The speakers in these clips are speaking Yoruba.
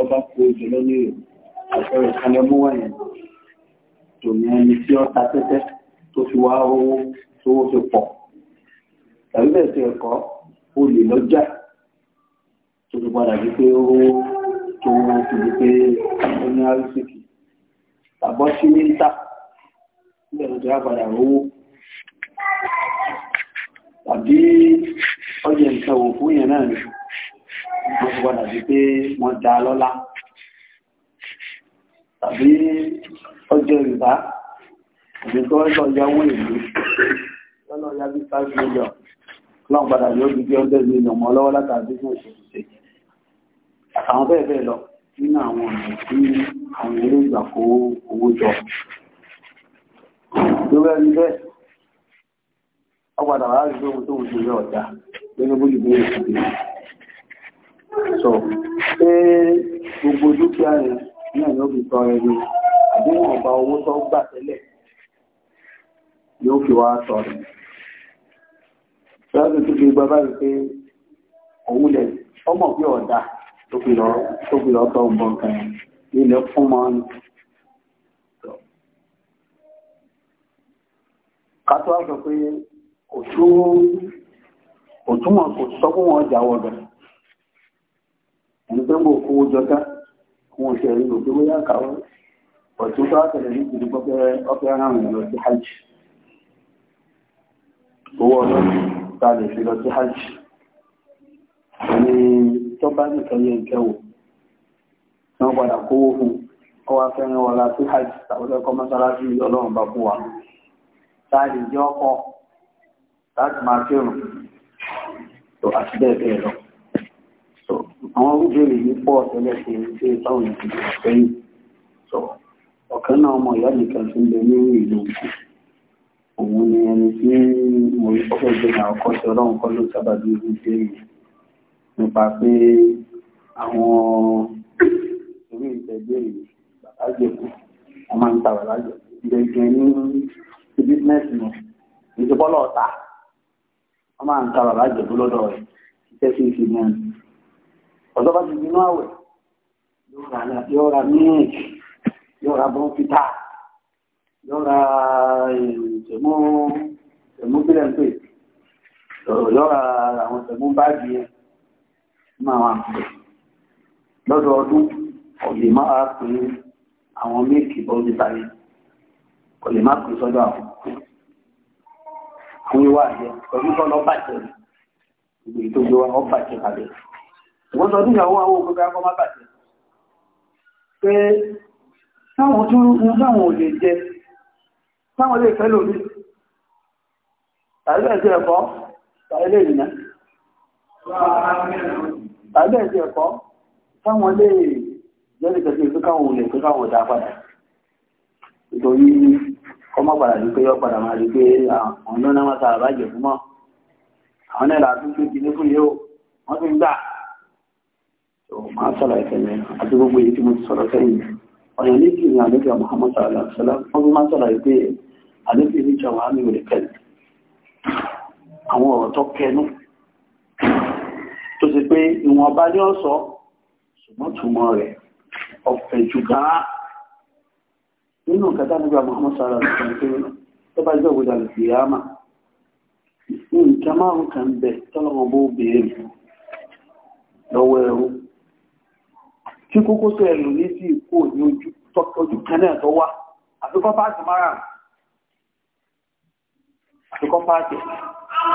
ọba kó jùlọ ní àpẹẹrẹ ìkànnẹ́mú wà yẹn tò ní ẹni tí ó ta tẹ́tẹ́ tó fi wá owó tó wó fi pọ̀ tàbí bẹ́ẹ̀ tí ẹ̀kọ́ ó lè lọ́jà tó fi padà bí pé ó tó wọ́n fi di pé ó ní àrísìkì tàbọ́ sí ní ta níbẹ̀ tó ti wá padà owó tàbí ọjà ìṣòwò fún yẹn náà nìkan wọ́n gbọ́dọ̀ bí pé wọ́n dá lọ́lá tàbí ọjọ́ ìbá àti tó ọjọ́ ọjọ́ owó ìlú lọ́nà ọjọ́ bí five million lọ́n padà yóò di bí ọjọ́ ìlú ìyọ̀mọ́ lọ́wọ́ látàbí fún òṣèlú ṣe àtàwọn bẹ́ẹ̀ bẹ́ẹ̀ lọ nínú àwọn ọ̀nà tí àwọn ilé ìgbà kó owó jọ lórí ẹni bẹ́ẹ̀ ọ padà wà láti gbé ohun tó ń ṣe ọjà gẹ́gẹ́ bó lè bẹ́ẹ̀ sọ pé gbogbo dúkìá rẹ̀ náà ló fi tọ́ ẹni àbí wọ́n gba owó tó gbà tẹ́lẹ̀ yóò fi wá sọ rẹ̀ lọ́sọ̀ tó fi gbọ́ báyìí pé òun lẹ̀ ọmọ bí ọ̀dà tó fi lọ tó fi lọ tọ́ nǹkan kan nílẹ̀ fún mọ́ ni. kátó wá sọ pé kò túmọ̀ kò sọ fún wọn jà wọ́dọ̀ ẹni pé ń bò kówó jọta fún oṣù ẹ̀rí ló pé bóyá kàwọ́ ọ̀tún tó àtẹ̀lẹ̀ ní ìdí pọ́pẹ́ ọpẹ́ ràn lọ sí hajj owó ọdún tá a lè fi lọ sí hajj ẹni tó bá nìkan yẹ ìkẹwò tí wọ́n padà kówó fún ọwọ́ afẹ́rin wọlá sí hajj tàbí ẹ̀kọ́ mọ́sálásí ọlọ́run bá fún wa táàlì jẹ́ ọkọ̀ láti máa kírun tó àti bẹ́ẹ̀ bẹ́ẹ̀ lọ àwọn obìnrin yìí pọ̀ tẹ́lẹ̀ sí ṣe táwọn èèyàn ti gbà sẹ́yìn sọ ọ̀kan náà ọmọ ìyá nìkan ti ń bẹ ní ìlú òkú òun ni ẹni tí mo rí kọ́kọ́ gbé ní àkọ́kọ́ sí ọlọ́run kọ́ ló sábà bí irú ṣe yìí nípa pé àwọn orí ìtẹ́gbẹ́ yìí bàbá jẹ̀kú wọ́n máa ń ta bàbá jẹ̀kú gẹ́gẹ́ ní bísínẹ́sì náà ìjọba ọlọ́ọ̀ta wọ́n máa ń ta bàbá jẹ̀kú lọ́dọ̀ rẹ̀ iṣẹ́ sí ìṣe náà ọ̀dọ́ bá ti nínú àwẹ̀ yóò ra mílíkì yóò ra bọ́ǹfìtà yóò ra ìtẹ̀mú eh, tẹ̀mú bílẹ̀ǹpẹ̀ yóò ra àwọn tẹ̀mú báàgì yẹn nínú àwọn àpẹ̀ lọ́dọọdún ọ̀lẹ̀ máa pè àwọn mílíkì bọ́ǹfìtà yẹn ọ̀lẹ̀ máa pè sọ́dọ̀ àwọn àwọn ìwà àjẹ ọdún tó lọ bàjẹ́ ìgbè tó gbé wa ọ bàjẹ́ kàbẹ̀ wọ́n sọ ìyàwó àwọn òkúta akọ́ má bàjẹ́ pé táwọn tún ń sáwọn olè jẹ táwọn lè fẹ́ lórí tàbí ẹ̀sẹ̀ ẹ̀kọ́ tàbí lè rìnà tàbí ẹ̀sẹ̀ ẹ̀kọ́ táwọn lè jẹ́rìí pé káwọn olè pé káwọn dá padà nítorí ọmọ padà ní pé yọ padà máa rí pé àwọn náà máa tààrà bàjẹ́ fún mọ́ àwọn náà làtúntò ti ní fún yóò wọ́n ti ń gbà máa sàlàyé tẹ́lẹ̀ àti gbogbo èyí tí mo ti sọ̀rọ̀ sẹ́yìn ọ̀nà méjì ni àlejò Muhammad sallallahu alaihi wasallam wọ́n fi máa sàlàyé pé àlejò ní jọwọ́ àmì òde kẹ́lẹ̀ àwọn ọ̀rọ̀ tó kẹnu tó sì pé ìwọ̀nba ní ọ̀sọ́ ṣùgbọ́n túmọ̀ rẹ̀ ọ̀fẹ́ jù gáà nínú Muhammad sallallahu alaihi wasallam pé tó bá jẹ́ òwe dàlù sí yàmà nǹkan márùn-ún kan lọ́wọ́ ẹrú tí kókó tó ẹ̀lù ní sí ìkó ní ojú kan náà tó mara àfikọ́ páàkì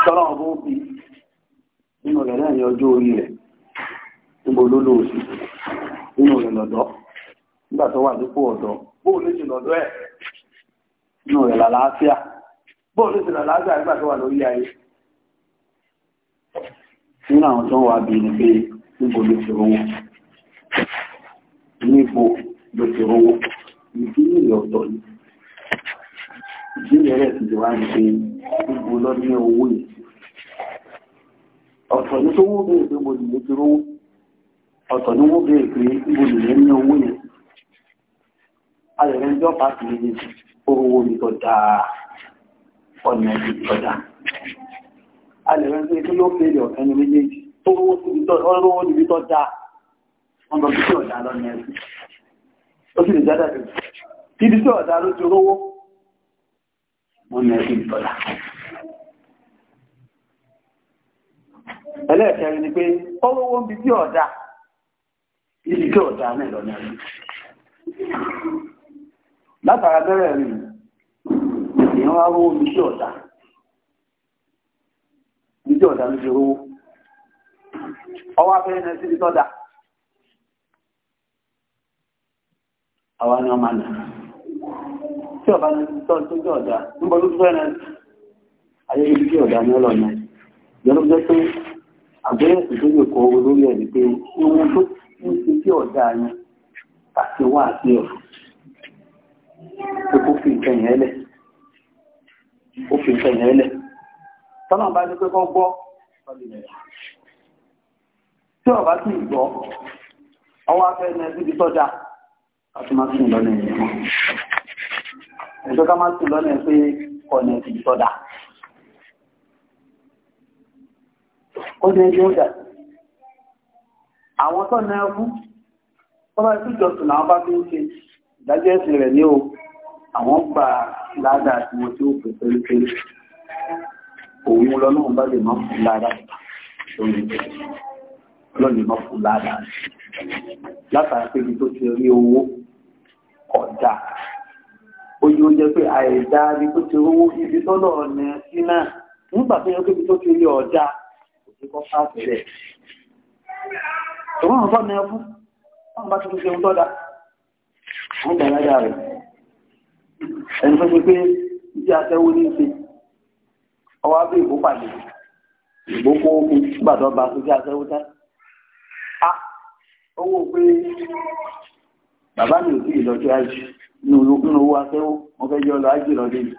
tọ́lá ọ̀bọ̀ òbí nínú rẹ̀ náà ní ọjọ́ orí rẹ̀ níbo ló lò nínú rẹ̀ lọ́dọ́ nígbà tó wà nípò ọ̀dọ́ ẹ̀ nínú rẹ̀ nígbà tó wà lórí ayé níbo ló ti rówó ìdí nìyí ọ̀tọ̀ ni ìdílé rẹ̀ ti lè wá ní pé gbogbo lọ ní owó yìí ọ̀tọ̀ ní tó wó bèèrè pé mo lè ti ọ̀tọ̀ ní wó bèèrè pé mo lè owó yẹn ayẹ̀rẹ́ ìjọ pàtì ní owó mi tó ọ̀nà ìlú tó dáa ayẹ̀rẹ́ ìjọ pé yóò bèèrè ọ̀kan ní méjèèjì tó rówó níbi tó wọ́n lọ sí ọ̀dà lọ ní ẹ̀sìn ó sì lè ibi tí ọ̀dà ló ti rówó wọ́n ní ẹ̀sìn ìtọ́lá ẹlẹ́ẹ̀kẹrin ni pé ó rówó ń bi tí ọ̀dà ibi tí ọ̀dà náà lọ ní ẹ̀sìn látara bẹ́rẹ̀ rìn èèyàn wá rówó ní ló rówó àwọn ni ọmọ náà tí ọba tọ́jú ọ̀dá ń bọ́ lójú fẹ́rẹ̀ ayé ibi tí ọ̀dá ní ọlọ́nà ìyọ́nú jẹ́ pé àgbẹ̀yẹ̀ tó lè kọ owó lórí ẹ̀ pé ohun tó ń ṣe tí ọ̀dá yẹn àti wá àti pé kó fi ẹlẹ̀ ó fi ẹlẹ̀ bá ní pé kọ́ gbọ́ tí ọba sì gbọ́ ọwọ́ afẹ́ ní ẹbí tọ́jà a tún máa sùn lọ́nà ẹ̀yẹ mọ́ ẹ̀tọ́ ká máa sùn lọ́nà ẹ̀ pé ọ̀nà ẹ̀sìn sọ́dà ó ní ẹjọ́ ọjà àwọn tọ́nà ẹkú wọ́n bá tún jọ sùn àwọn bá fi ń ṣe ìdájọ́ ẹ̀sìn rẹ̀ ní o àwọn gbà ládàá tí wọ́n tí ó pè pẹ́lúpẹ́lú òun lọ́lọ́run bá lè má fún ládàá lọ́lè má fún ládàá látàrí pé ibi tó ti rí ọ̀dà oye ó pé àìdá ibi tó ti rówó ibi tó lọ ní sí náà nígbà tó yẹ pé tó ti rí ọ̀dà kò sí kọ́ rẹ̀ tòun wọ́n bá ṣeun tọ́da wọ́n rẹ̀ ẹni tó ṣe pé ibi ní bàbá mi ò sí ìlọ́jọ́ àjì nínú owó akẹ́wó wọ́n fẹ́ jọ lọ àjì lọ́dẹ́ yìí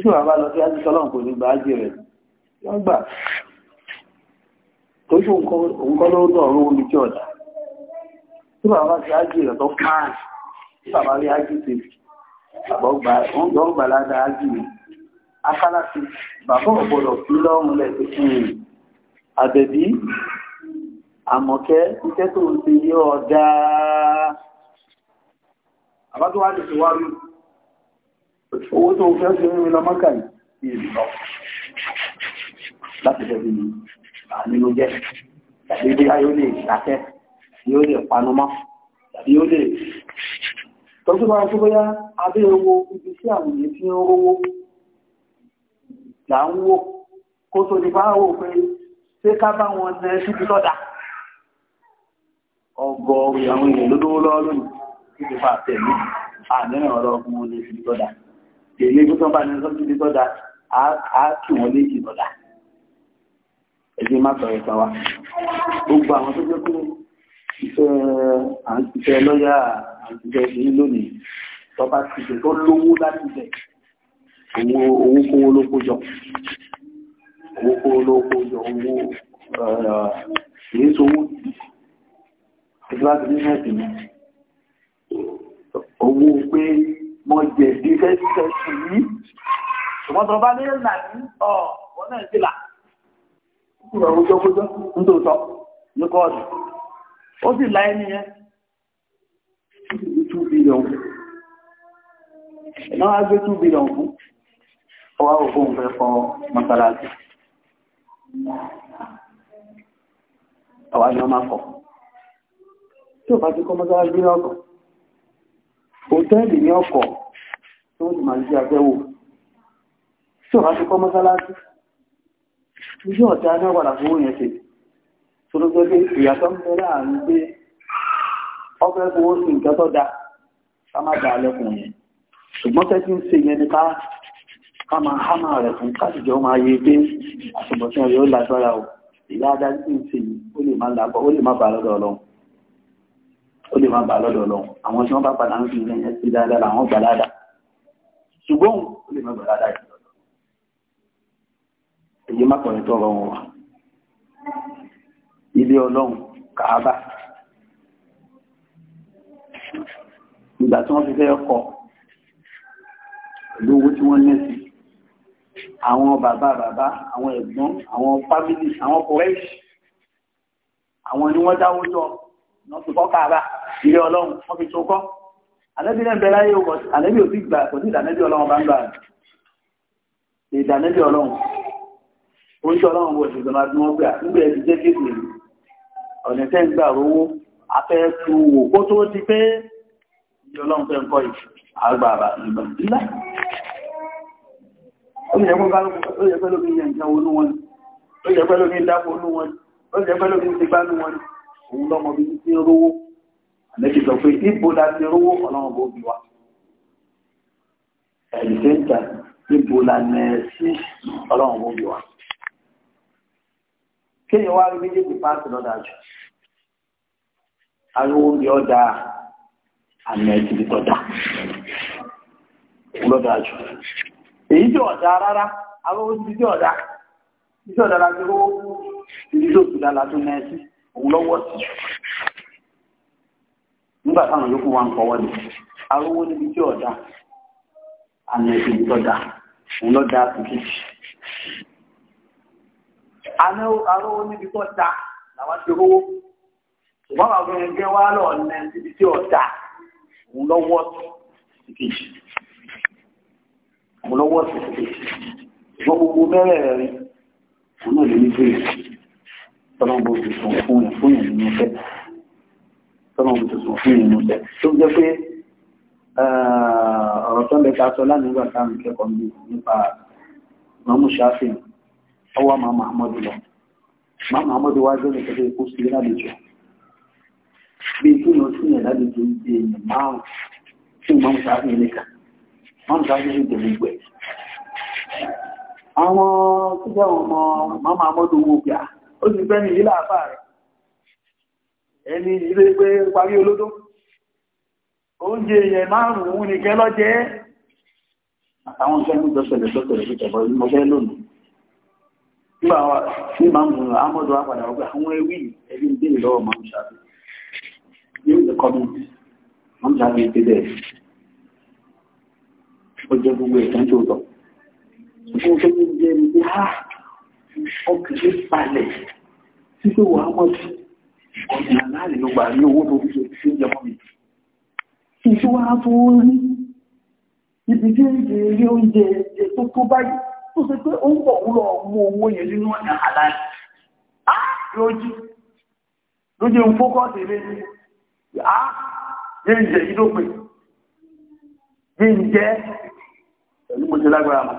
tí bàbá lọ sí àjì sọ́lọ́n kò ní gba àjì rẹ̀ wọ́n gbà tó ṣe nǹkan ló dọ̀ ọ̀rọ̀ omi tí ọ̀dà tí bàbá sí àjì rẹ̀ tó kàn tí bàbá rí àjì ti bàbá gbà wọ́n gbọ́ gbà ládàá àjì rẹ̀ akálà ti bàbá ọ̀gbọ́dọ̀ sí lọ́rùn lẹ̀ tó kí àmọ̀kẹ́ iṣẹ́ tó ń ṣe yí ọ̀dá àbájọ́wà lè fi wá rí owó tó fẹ́ sí orí lọ mọ́kà yìí lọ láti jẹ́bi nínú jẹ́ tàbí bí yóò lè ṣàkẹ́ yóò lè panumọ́ tàbí yóò lè tọ́jú bá tó bóyá abẹ́ owó ibi sí àwọn èyí tí ń rówó là ń wó kó tó ní bá wò pé ṣé ká bá wọn nẹ síbi lọ́dàá ọgọ́rù àwọn èèyàn ló lówó lọ́wọ́ lónìí tí ti fa àtẹ̀lú àmìrìn ọ̀rọ̀ ọkùnrin olè sí tọ́dà èlé tó tán bá ní sọ́tún sí tọ́dà á kì wọ́n lé sí tọ́dà ẹgbẹ́ má sọ̀rọ̀ ìpa wa gbogbo àwọn tó jẹ́ pé iṣẹ́ à ń ṣiṣẹ́ lọ́yà à ń ṣiṣẹ́ sí lónìí tọ́ba ti ṣe tó lówó láti bẹ̀ owó owó kówó ló kó jọ owó kówó ló kó jọ owó kìí sowó ìgbàtí bísínẹ́sì ni owó pé mọ́ jẹ̀ bí fẹ́sẹ̀ sí ní ṣùgbọ́n tó bá lè nà ní ọ̀ wọ́n náà sí là kúrò ọjọ́ kójọ́ nítòótọ́ ní kọ́ọ̀dù ó sì láyé nìyẹn two billion ẹ̀nà wá gbé two billion fún ọwá òfin fẹ́ fọ́ mọ́sálásí ọwá ni wọ́n máa fọ́ tí ò bá ti kọ́ mọ́sálásí ní ọkọ̀ òtẹ́ẹ̀lì ní ọkọ̀ tí wọ́n ti máa ṣe àgbẹ̀wò tí ò bá ti kọ́ mọ́sálásí iṣẹ́ ọ̀tẹ́ anáwàdà fún òyìn ṣe tó ló gbẹ́gbẹ́ ìyàtọ̀ ń bẹ̀rẹ̀ àrùn pé ọgbẹ́ fowó sí nǹkan tó da ká má da alẹ́kùn yẹn ṣùgbọ́n tẹ́ tí ń ṣe yẹn ni ká ká máa o ìyá adájú tí ń ó lè má bàá lọ́dọ̀ ọlọ́run ó lè máa bà lọ́dọ̀ lọ àwọn tí wọ́n bá padà ń fi ilẹ̀ yẹn sí dáadáa làwọn gbà dáadáa ṣùgbọ́n ó lè máa gbà dáadáa yìí lọ́dọ̀ èyí má kọ̀rin tó ọ̀rọ̀ wọn wà ilé ọlọ́run kàábà ìgbà tí wọ́n fi fẹ́ kọ́ pẹ̀lú owó tí wọ́n nẹ́sì àwọn bàbá bàbá àwọn ẹ̀gbọ́n àwọn fámìlì àwọn kọ̀rẹ́ṣì àwọn ni wọ́n dáwó jọ wọ́n fi kọ́ káàbà ilé ọlọ́run wọ́n fi tó kọ́ ànẹ́bí náà bẹ̀rẹ̀ ayé wọ̀ ànẹ́bí ò sí gbà kò sí ìdánẹ́bí ọlọ́run bá ń gbà rẹ̀ ìdánẹ́bí ọlọ́run oúnjẹ ọlọ́run wo ìṣẹ̀lẹ̀ máa dún wọ́n gbà nígbà ẹ̀sìn jẹ́ kéèkì ọ̀nà tẹ́ ń gbà rówó afẹ́ kó tó ti pé ìdí ọlọ́run fẹ́ ń kọ́ yìí àgbà àbà ìgbà ńlá ó yẹ kó kálukú ó yẹ pẹ́ lómi ó yẹ pẹ́ lómi dáko nú wọn ó yẹ pẹ́ lómi ti gbá òun lọ́mọ bí ti ń rówó àlejò sọ pé ibo la ti rówó ọlọ́run bó bí wa ẹ̀ẹ́dẹ́gbẹ̀ta ibo la nẹ sí ọlọ́run bó bí wa kéèyàn wá rí méjèèjì páàkì lọ́dà jù ariwo oúnjẹ ọ̀dà àmì ẹ̀tìlì tọ́jà lọ́dà jù èyí tí ọ̀dà rárá ariwo oúnjẹ tí ọ̀dà tí ọ̀dà la ti rówó ìdílé òkúta la tún mẹ́ẹ̀sì. òun lọ́wọ́ nígbà táwọn yòókù wa ń kọ́wọ́ ni arówó níbi tí ọ̀dà àmì ẹ̀sìn ìtọ́jà òun lọ́ da àtúntì arówó níbi tó da làwọn ti rówó ṣùgbọ́n àwọn obìnrin gbé wá lọ ọ̀nà níbi tí tọ́lọ́mbó ti sùn fún yẹn fún yẹn nínú fẹ́ tọ́lọ́mbó ti sùn fún yẹn nínú fẹ́ tó jẹ́ pé eh, ọ̀rọ̀ tó ń bẹ ká sọ lánàá ìgbà táwọn ìkẹ́kọ̀ọ́ mi nípa mọ́mú ṣáfìn ọwọ́ máa mahamadu lọ máa mahamadu wá jẹ́ nìkan tó sí lálejò bí i túnú sí yẹn lálejò ìdí èèyàn márùn tí mọ́mú ṣáfìn nìkan mọ́mú ṣáfìn ní ìdòwò àwọn tó jẹ́ ọmọ mọ́mú amọ́dún wò ah, ó sì fẹ́ ní ìlà àfà rẹ̀ ẹni ilé pé parí olódó oúnjẹ èèyàn márùn-ún nìkẹ́ lọ́jẹ́ àtàwọn iṣẹ́ ní ìjọsẹ̀lẹ̀ sọ́tẹ̀lẹ̀ ìjọba ìmọ̀ṣẹ́ lónìí nígbà wà ní máa ń mú amọ́dọ̀ àpàdà ọgbà àwọn ewì ẹbí ń dé ìlọ́wọ́ máa ń ṣàbí yóò lè kọ́ mọ́ máa ń ṣàbí ìpé bẹ́ẹ̀ ó jẹ́ gbogbo ìtẹ́ńtò tọ̀ ṣùgbọ́n ó fẹ́ ní ìjẹ́ ní pé ah, ọkùnrin balẹ̀ tí pé wà á mọ̀ sí ọ̀nà láàrin ló gbà ní owó tó fi ṣe jẹmọ́ mi ìṣú wá tó rí ibi tí èdè rí oúnjẹ ètò tó báyìí tó ṣe pé ó ń bọ̀ ń lọ mú owó yẹn nínú ọ̀nà àláàrí lójú lójú ń fókọ́sì rẹ̀ á jẹ́ yìí lópin jẹ́ ìjẹ́ pẹ̀lú mo ti lágbára mọ̀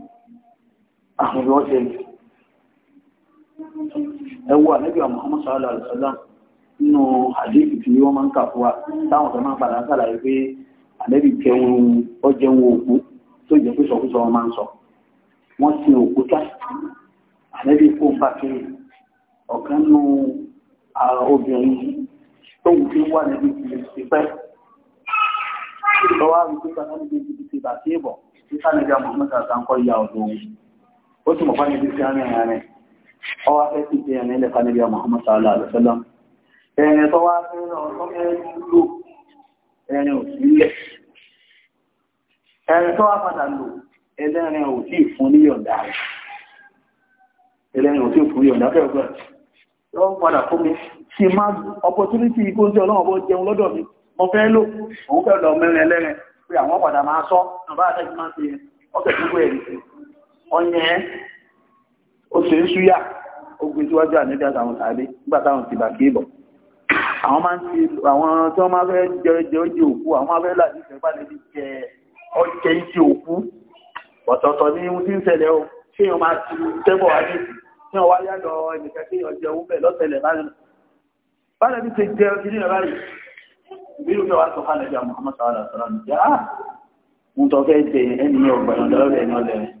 àwọn ìwọ́n ṣe ẹwọ ànábì Muhammad sallallahu alaihi wasallam nínú àdéhùn tí wọ́n máa ń kà fún wa táwọn ọ̀sán máa ń padà sàlàyé pé ànábì jẹun ọjẹun òkú tó jẹ pé sọkúsọ wọn máa ń sọ wọ́n sin òkú tá ànábì kó bá kiri ọ̀kan nù obìnrin tó wù kí wà níbi ìpẹ́ lọ́wọ́ àrùn tó kà náà níbi ìdìbò ìbàtí ìbọ̀ títà nígbà Muhammad sallallahu otu sì mọ̀ fáni bí sí àárín àárín ọwá fẹ́ sí jẹ́ ẹ̀nà ilẹ̀ fanilẹ̀ sallallahu alaihi wasallam ẹni tó wá fẹ́ ọ̀tọ́ mẹ́rin ẹni ò sí ẹni tó padà lò ẹlẹ́rin ò fún ní yọ̀ǹda rẹ̀ ẹlẹ́rin ò yọ̀ǹda fẹ́ padà fún mi má kó ọlọ́wọ́ bó jẹun lọ́dọ̀ mi mo fẹ́ lò òun fẹ́ lọ mẹ́rin ẹlẹ́rin pé àwọn padà máa sọ ọyẹn o ṣe ń súyà ó gbé síwájú àníbí àtàwọn tàbí nígbà táwọn ti bà kí bọ̀ àwọn máa ń ṣe àwọn tí wọ́n máa fẹ́ jẹ jẹ oúnjẹ òkú àwọn máa fẹ́ làdí ìfẹ́ pàdé bí jẹ ọjẹ ìjẹ òkú ọ̀tọ̀ọ̀tọ̀ ní ohun tí ń ṣẹlẹ̀ o ṣé èèyàn máa ti tẹ́bọ̀ wá ní ní ọwá yá lọ ẹnìkan kí èèyàn jẹ owó bẹ̀ lọ́sẹ̀lẹ̀ báyìí báyìí bí ṣe jẹ ọjọ́ ní ọ̀rá yìí ìbílù mẹ́wàá sọ fún àlejò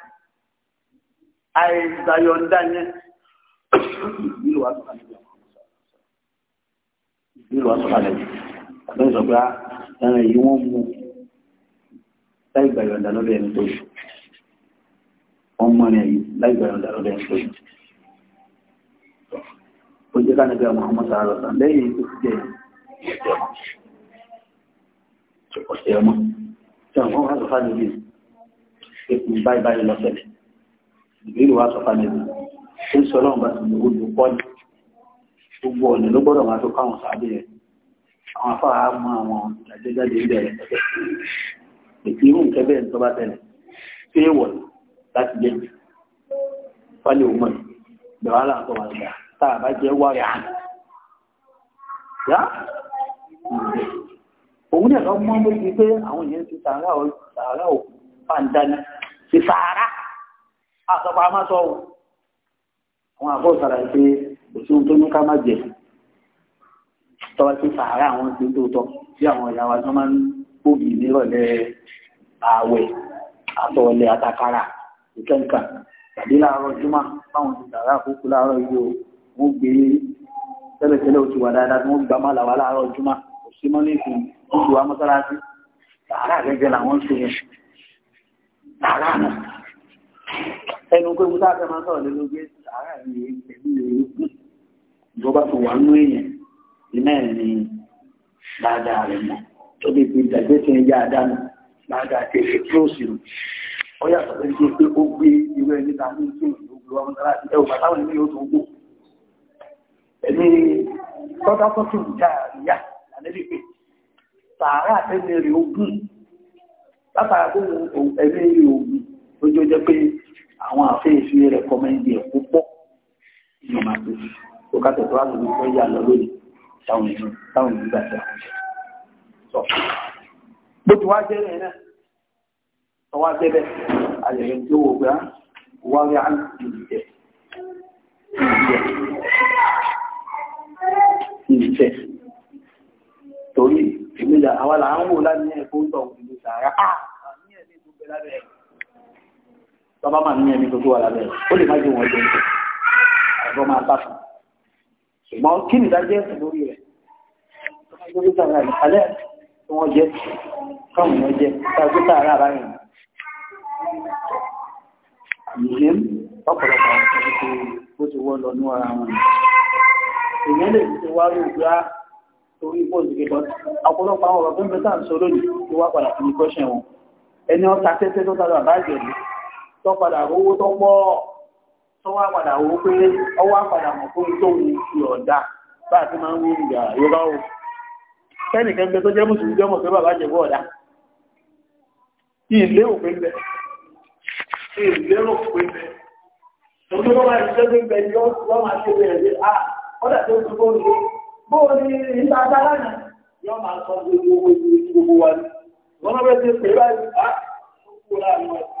àìgbàyọ̀ǹda yẹn ìbílò wa sọ̀rọ̀ níbi ọ̀kan ìbílò wa sọ̀rọ̀ níbi àbẹ́ ìsọ̀gbà ẹran yìí wọ́n mú láì gbàyọ̀ǹda lọ́dọ̀ ẹni tó yìí wọ́n mú ẹran yìí láì gbàyọ̀ǹda lọ́dọ̀ ẹni tó yìí ó jẹ́ ká níbi àwọn ọmọ sàárọ̀ sàn lẹ́yìn tó ti jẹ́ ọ̀sẹ̀ ọmọ tí ọmọ ìbéèrè wa sọ fáwọn ẹbí ó ń sọ ọlọ́run bá ti lówó ló pọ́ ní gbogbo ọ̀nà ló gbọ́dọ̀ máa tó káwọn sábẹ́ rẹ̀ àwọn afáà mọ àwọn ìdájọ́jáde ń bẹ̀rẹ̀ pẹ̀lẹ́ ètò irú nǹkan bẹ́ẹ̀ tó bá tẹ̀lé ṣé wọ̀ láti jẹ́ wálé òun mọ̀ bẹ̀rẹ̀ wà láǹtọ̀ wà nígbà tá a bá jẹ́ wárí àná yá òun ní ẹ̀rọ mọ́ méjì pé àwọn èèyàn ti sàárà òkú pàǹdání ti sàárà àtọ́pá má sọ ohun àwọn àbọ̀ sára pé kò sí ohun tó ní ká má jẹ tọ́wọ́ sí sàárà àwọn tí ó tọ́ sí àwọn ìyá wa tó máa ń gbòógì nírọ̀lẹ́ ààwẹ̀ àtọ̀ọ̀lẹ̀ àtàkárà ìkẹ́ǹkà tàbí láàárọ̀ júmọ́ báwọn ti sàárà àkókò láàárọ̀ yìí o wọ́n gbé tẹ́lẹ̀tẹ́lẹ̀ oṣù wà dáadáa tí wọ́n gbà má làwà láàárọ̀ làwọn ṣe yẹn sàárà náà ẹnu pé wúta fẹ́ máa sọ̀rọ̀ lé lórí ara mi èmi ò rí pé ìjọba tó wà nú èèyàn iná ẹ̀ ní dáadáa rẹ̀ mọ̀ tó lè fi ìdàgbé tí ń yá àdánù dáadáa tí èsì tí ó sì rò ó yàtọ̀ pé kí pé ó gbé irú ẹni ta ní ìṣe ìlú gbé ọmọ náà láti ẹwù bàtà òní yóò tó gbó ẹni kọ́tà kọ́tù ìyá àlébí pé sàárà ẹni rè ogún látara tó ẹni rè ogún lójó jẹ pé àwọn àfẹ́ẹ̀fì rẹ̀ kọ́mẹ́ndì ẹ̀ púpọ̀ nínú máa tó sí tó kàtẹ̀ tó láti wípé yà lọ lónìí táwọn èèyàn táwọn èèyàn gbà sí àwọn ìṣẹ́ sọ bó ti wá jẹ́ rẹ̀ náà sọ wá jẹ́ bẹ́ẹ̀ àyẹ̀rẹ̀ tí ó wò pé ah, wá rí àǹtí ìjẹ́ ìjẹ́ torí ìmìlẹ̀ àwọn làwọn wò ní ẹ̀kọ́ ń tọ̀ òun ìlú sàárà á ah, ní ẹ̀ tọ́ba máa ní ẹni gbogbo ara rẹ̀ ó lè má jẹ wọn jẹun ẹ̀rọ máa bá fún ṣùgbọ́n kí ni dájẹ́ ẹ̀sìn lórí rẹ̀ lórí sàrà ìkàlẹ̀ tí wọ́n jẹ́ káwọn èèyàn jẹ tàbí sàrà ara rẹ̀ yìí ọ̀pọ̀lọpọ̀ bó ti wọ́ lọ ní ara wọn èèyàn lè ti wá rí ìgbà torí ipò òsìkè bọ́ ọ̀pọ̀lọpọ̀ àwọn ọ̀rọ̀ tó ń bẹ sáà ń sọ lónìí ti wá padà sí ní kọ́ṣẹ̀ wọn ẹni ọ̀ta tẹ́tẹ́ tó tàbí àbájẹ̀ yìí tó padà owó tó pọ̀ tó wá padà owó pé ọwọ́ padà mọ̀ fún tó wù sí ọ̀dà bá a ti máa ń wí ìgbà yorùbá o kẹ́nìkan gbé tó jẹ́ mùsùlùmí jọ́mọ̀ pé bàbá jẹ̀ bọ́ ọ̀dà ilé òpin bẹ̀ ilé òpin bẹ̀ òun tó máa ṣiṣẹ́ tó ń bẹ ni wọ́n máa ṣe bẹ̀rẹ̀ pé a ah, ọ̀dà tó ń bọ́ ni bóò ni ìta náà yọ máa sọ gbogbo ìlú gbogbo wa ni wọ́n máa bẹ́ẹ̀ ti pè báyìí ah, ó kúrò láàrin wọn.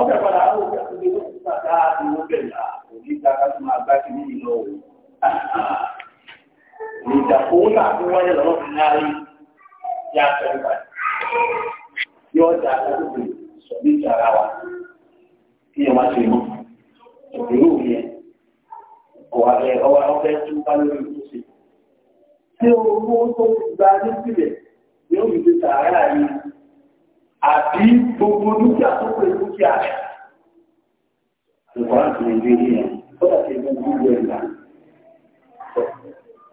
ọbẹ̀ padà á wò pẹ̀lú bí wọ́n ti padà ní wọ́n bẹ̀rẹ̀ à òní máa gbá ha, yìí lọ wò. Ìjà owó náà tó wáyé lọ́wọ́ fi náà rí yá pẹ̀lú báyìí. Yọ ọjà àtàkùn sọ ní ìjà ara wa kí ẹ má ṣe mọ́. Ìgbèrú òun yẹn ọ̀wà ẹ̀ ọwà ọbẹ̀ tún bá lórí ìtúsí. Ṣé owó tó gba ní sílẹ̀ sàárà yìí? àbí gbogbo dúkìá tó pè dúkìá rẹ̀. Ìwọ́n ti rí rí ẹ̀ ó ẹgbẹ́ gbogbo ẹ̀dá.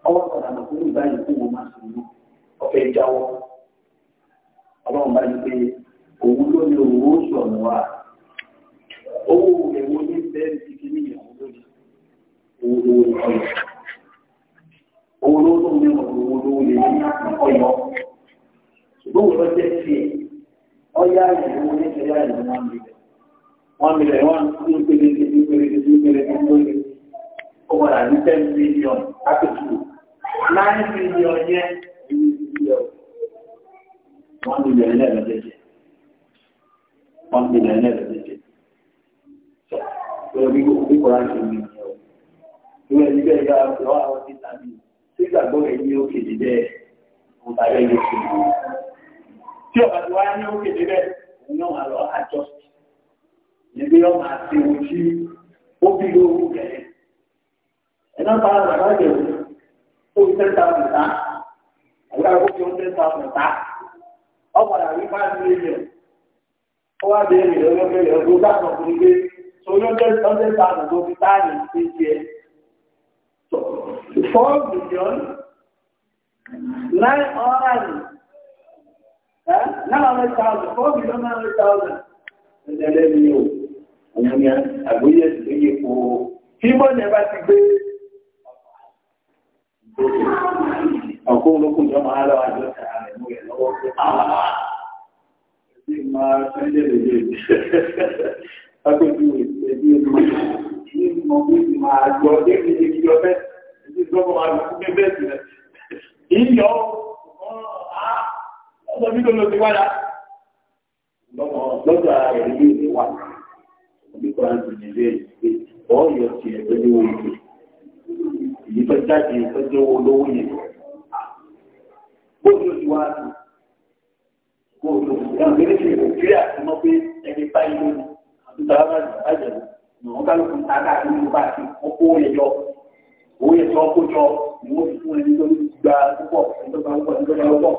Ọwọ́ kan àná fún ìgbà fún wọn máa sùn ọ̀fẹ́ ìjáwọ́. Ọlọ́run bá ní pé òun ló ní owó oṣù ọ̀nà wa. Owó ẹ̀wọ̀ ní bẹ́ẹ̀ ti fi ní ìyàwó lónìí. Owó lówó Owó lówó ní Owó lówó Ṣùgbọ́n òun lọ ọ̀yá ìlú nítorí àìlú wọn bìbẹ̀. Wọ́n bìbẹ̀ wọ́n ń pèlè títí pèlè títí pèlè títí pèlè. Ó wà ní ten million lápẹ̀tù. Nine million yẹn ìlú ìlú wọ́n bìbẹ̀ lẹ́ẹ̀mẹ́jẹ̀jẹ̀. Wọ́n bìbẹ̀ lẹ́ẹ̀mẹ́jẹ̀jẹ̀. Lórí òbí kọ́ra ṣe mi ni ọ̀. Ìwé ìgbẹ́ ìgbà ọ̀rọ̀ àwọn ti tàbí. Sígbàgbọ́ ẹ̀yìn òkè tí ọ̀gá ti wáyé ní òkè débẹ̀ òun náà máa àjọ níbi yóò máa ti wò lóru gẹ̀ẹ́ ẹ̀nà bá bàbá jẹ̀ ó ń tẹ́ta mẹ́ta àwọn àwọn òkè ń tẹ́ta mẹ́ta ọ̀padà rí five million ó wá béèrè lọ́lọ́bẹ̀rẹ̀ ọdún dáná fún mi pé torí ó tẹ́ta mẹ́ta tó fi táàyè ṣe jẹ four million nine hundred. 900,000, 4 million 900,000. Ẹ̀dẹ̀lẹ́ ni o, òun ni àgbóyè sí ipò tí bọ́ọ̀lù ẹ̀ bá ti gbé. Ọ̀kọ́ olókùn jọ máa lọ àjọ sàrà rẹ̀ mú rẹ̀ lọ́wọ́ pé àwà. Ẹbí máa tẹ́lẹ̀ lè lè lápẹ́jú ẹbí ẹbí ní mọ̀ pé ti máa gbọ́ débi ní kí ọfẹ́ ẹbí gbọ́ máa lọ fún bẹ́ẹ̀ sílẹ̀. Ìyọ́ sọ mí lọ́lọ́ ti wáyà. lọ́dọ̀ ààrẹ ilé ìwé wà nípa ìdílé ọ̀ọ́yọ̀ ti ẹ̀gbẹ́ ní owó ìwé èyí tó jáde tó jẹ́ yẹn. bóyá o ti wá sí bóyá o ti wá sí ẹ̀gbẹ́ ní nàìjíríà tó mọ̀ pé ẹni báyìí lónìí àti tàbá àjẹ̀wò wọn bá lókun tàbá àti nínú bá ti ọkọ ẹ̀yọ owó yẹn tó ọkọ jọ ni fún ẹni tó gba púpọ̀ ẹni tó gba púpọ̀ ẹni tó gba púpọ̀.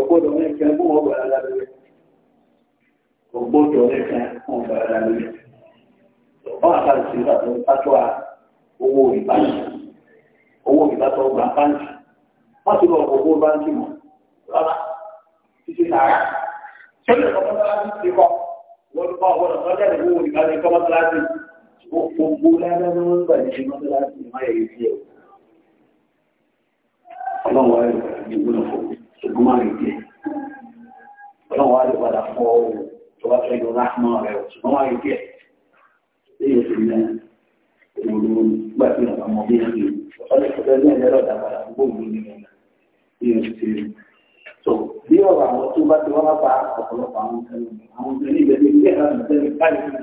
ọgbọ́dọ̀ mẹ́kan fún ọgbà alábẹ́rẹ́ ọgbọ́dọ̀ mẹ́kan fún ọgbà alábẹ́rẹ́ ọgbọ́n àbáṣe ìbátan pátó à owó ìbáṣe owó ìbátan ọgbà báńkì wọ́n ti lọ owó báńkì mọ̀ rárá títí sàrà sọ́dọ̀ kọ́mọ́tàláṣí ti kọ́ wọ́n bá ọgbọ́dọ̀ sọ́jà ní owó ìbáṣe kọ́mọ́tàláṣí gbogbo lára ní wọ́n gbà ní kọ́mọ́tàláṣí máa yẹ ṣùgbọ́n máa rí díẹ̀ ọlọ́run wá lè padà fọ ọ́ tó bá fẹ́ yọ láàmú rẹ̀ ṣùgbọ́n máa rí díẹ̀ lẹ́yìn oṣù náà ìwòlò nígbà tí ìrànlọ́ ọmọ bí ẹni ọlọ́run tó fẹ́ ní ẹ̀jẹ̀ lọ́dà padà gbogbo ìlú ní ìrìn oṣù tí so bí ọ̀rọ̀ àwọn tó bá ti wá bá bá ọ̀pọ̀lọpọ̀ àwọn àwọn ìgbẹ́ni ìgbẹ́ni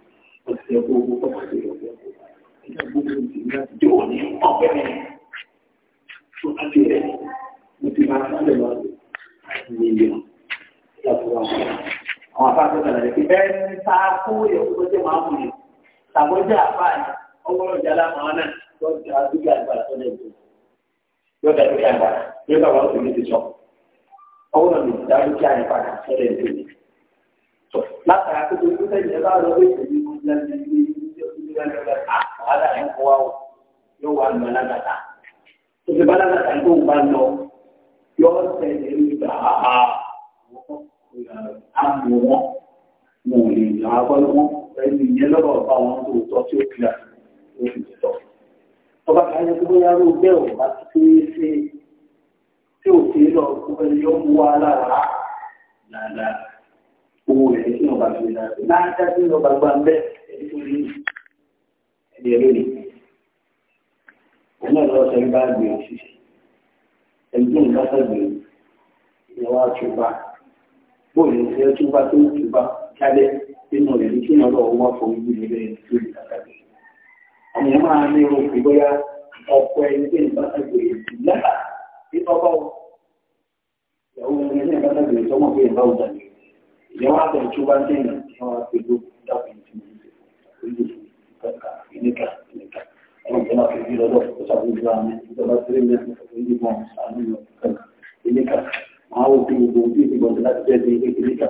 kówó yẹ kó jẹ́ máa wù yẹ tàbọ̀ jẹ́ tí ò sí lọ kó ẹni yọ mú wa lára dáadáa owó rẹ̀ ní ọba tó yẹ dáadáa náà dájú ní ọba gbà ń ẹni tó ní ẹni ẹ̀rọ ni ẹni ọ̀dọ́ ọ̀sẹ̀ bá gbé òṣìṣẹ́ ẹni tó ń kásá gbé ìyàwó àtúbà bóyá ìṣẹ́ túbà tó ń túbà jáde nínú rẹ̀ ní kí ọlọ́wọ́ wá fọ ojú rẹ̀ tó lè kásá gbé àwọn máa ní òkú bóyá ọ̀pọ̀ ẹni tó ń kásá gbé ìlú lára ìtọ́kọ́ ìyàwó mi ní ẹ̀ka náà bèrè sọ́mọ̀ pé ìbá ọjà ni ìyẹn wá bẹ̀rẹ̀ tó bá ń tẹ̀yìn tí wọ́n á fi ló dábìí tí mo ti ṣe kàkà ìníkà ìníkà ẹ̀wọ̀n tó máa fi bí lọ́dọ̀ tó ṣàkóso àmì ìjọba tó rí mẹ́rin tó ń dìbò àmì ìníkà máa wò pé gbogbo ojú ìníkà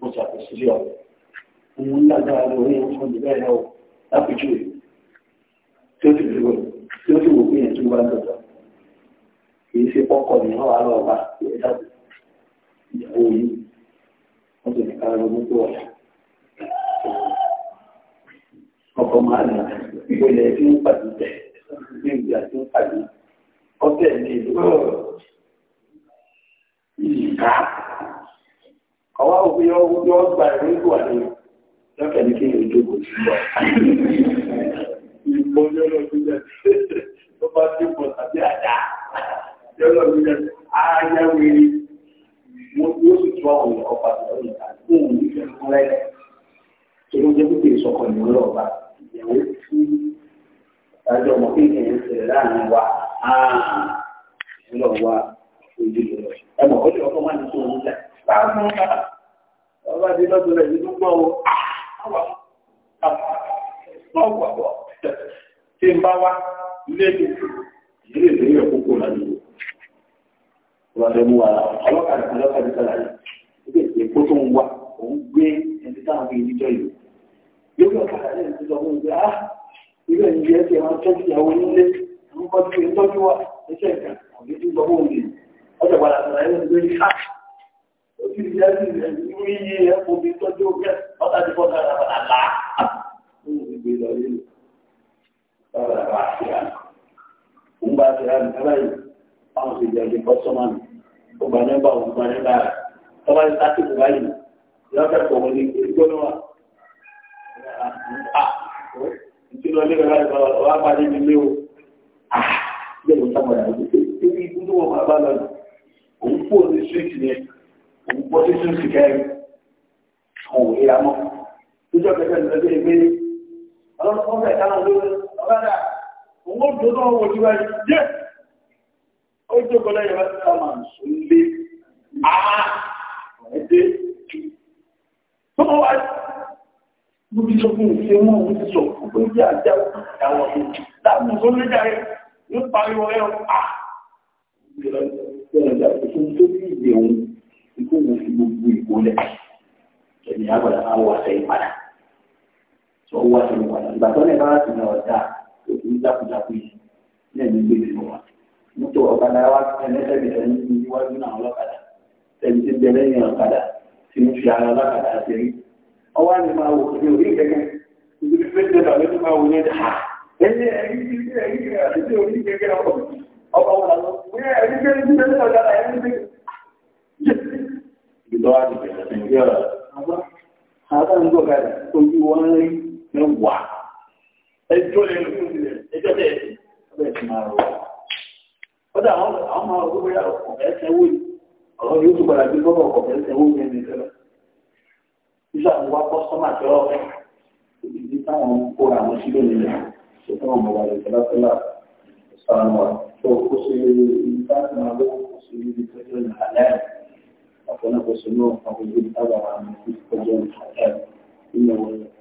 ṣùgbọ́n á mo òun lágbára lórí ẹ̀kọ́ ìgbà ẹ̀rọ lápẹjú rẹ̀ tí ó ti wò ọkọ ẹ̀jú bá dọ̀dọ̀ kìí ṣe pọ́kọ̀ ní ọ̀rọ̀ àlọ́ ọba ìwé dàbí ìyàwó yìí wọ́n ti ní kára lọ́gbọ́n ìgbà látàrí kí èèyàn jókòó sí wa ìbọn ní ọlọ́dún jẹ tó bá dé pọ̀ tàbí àdá ní ọlọ́dún ọmọ lọ́wọ́ àbọ̀ tí ndị bá wá ilé ìlú ọkụkọ ìdílé òkúkú lálẹ́ ìwọ̀n mú wa tó ń wá òun gbé ẹni táwọn fi ìlú ah ti máa tọ́jú ìyàwó ojú ìyá sí rẹ̀ irú iye ẹ̀kọ́ mi tọ́jú ọkẹ́ ọ̀tá ti fọ́ dára padà là á. Wọ́n ti gbé lọ yé lò. Bàbá bá ṣe àná. Òun bá ṣe àná nígbà yìí. Àwọn ti jẹ̀bi kọ́sọ́mà mi. Ó gba nẹ́bà òun gba nẹ́bà rẹ̀. Tọ́ba ti sá tìkù báyìí. Ìyáfẹ́ kọ̀ wọ́n ní gbóná wa. Ìtura ilé rẹ̀ láti sọ̀rọ̀ wá pàdé mi lé o. Bẹ́ẹ̀ni sábà yàrá ìgbésẹ̀. Ibi ibùdó wọn máa bá lọ. Òun òun gbọ́ tún sì kẹrin òun ò yíra mọ́ lójú ọ̀kẹ́kẹ́ ìgbé ọlọ́run fẹ́ káwọn ọ̀gádà òun ó náà wọ̀ síwájú wáyé mo ti sọ fún ìṣe wọn mo sọ fún pé bí ikú wo fi gbogbo ìkó lẹ̀ ẹ̀mí àgbàdo máa wọ ọ̀sẹ̀ ìpadà tó wọ ọ̀sẹ̀ ìpadà ìgbà tó lè bá ti lọ ọ̀dà jákujáku yìí ní ẹ̀mí gbé mi lọ́wọ́ mọ́tò ọ̀kadà wa ẹlẹ́sẹ̀ mi mi náà tí fi ara ṣe rí máa wò ní orí máa wò ní ti àti orí ìlọ́wà ti bẹ̀rẹ̀ sí ní ọ̀rọ̀. Àwọn àgbà ọ̀gá ojú wọn rí mẹ́wàá. Ẹjọ́ lẹ́nu fún ilẹ̀ ẹjọ́ tẹ̀ ọbẹ̀ ti máa rọ̀. Kọ́dà àwọn ọmọ ọgbọ́n bóyá ọ̀fẹ́ sẹ́wó yìí. ونقص نوحه بالأبى عن تلك الجنة إنه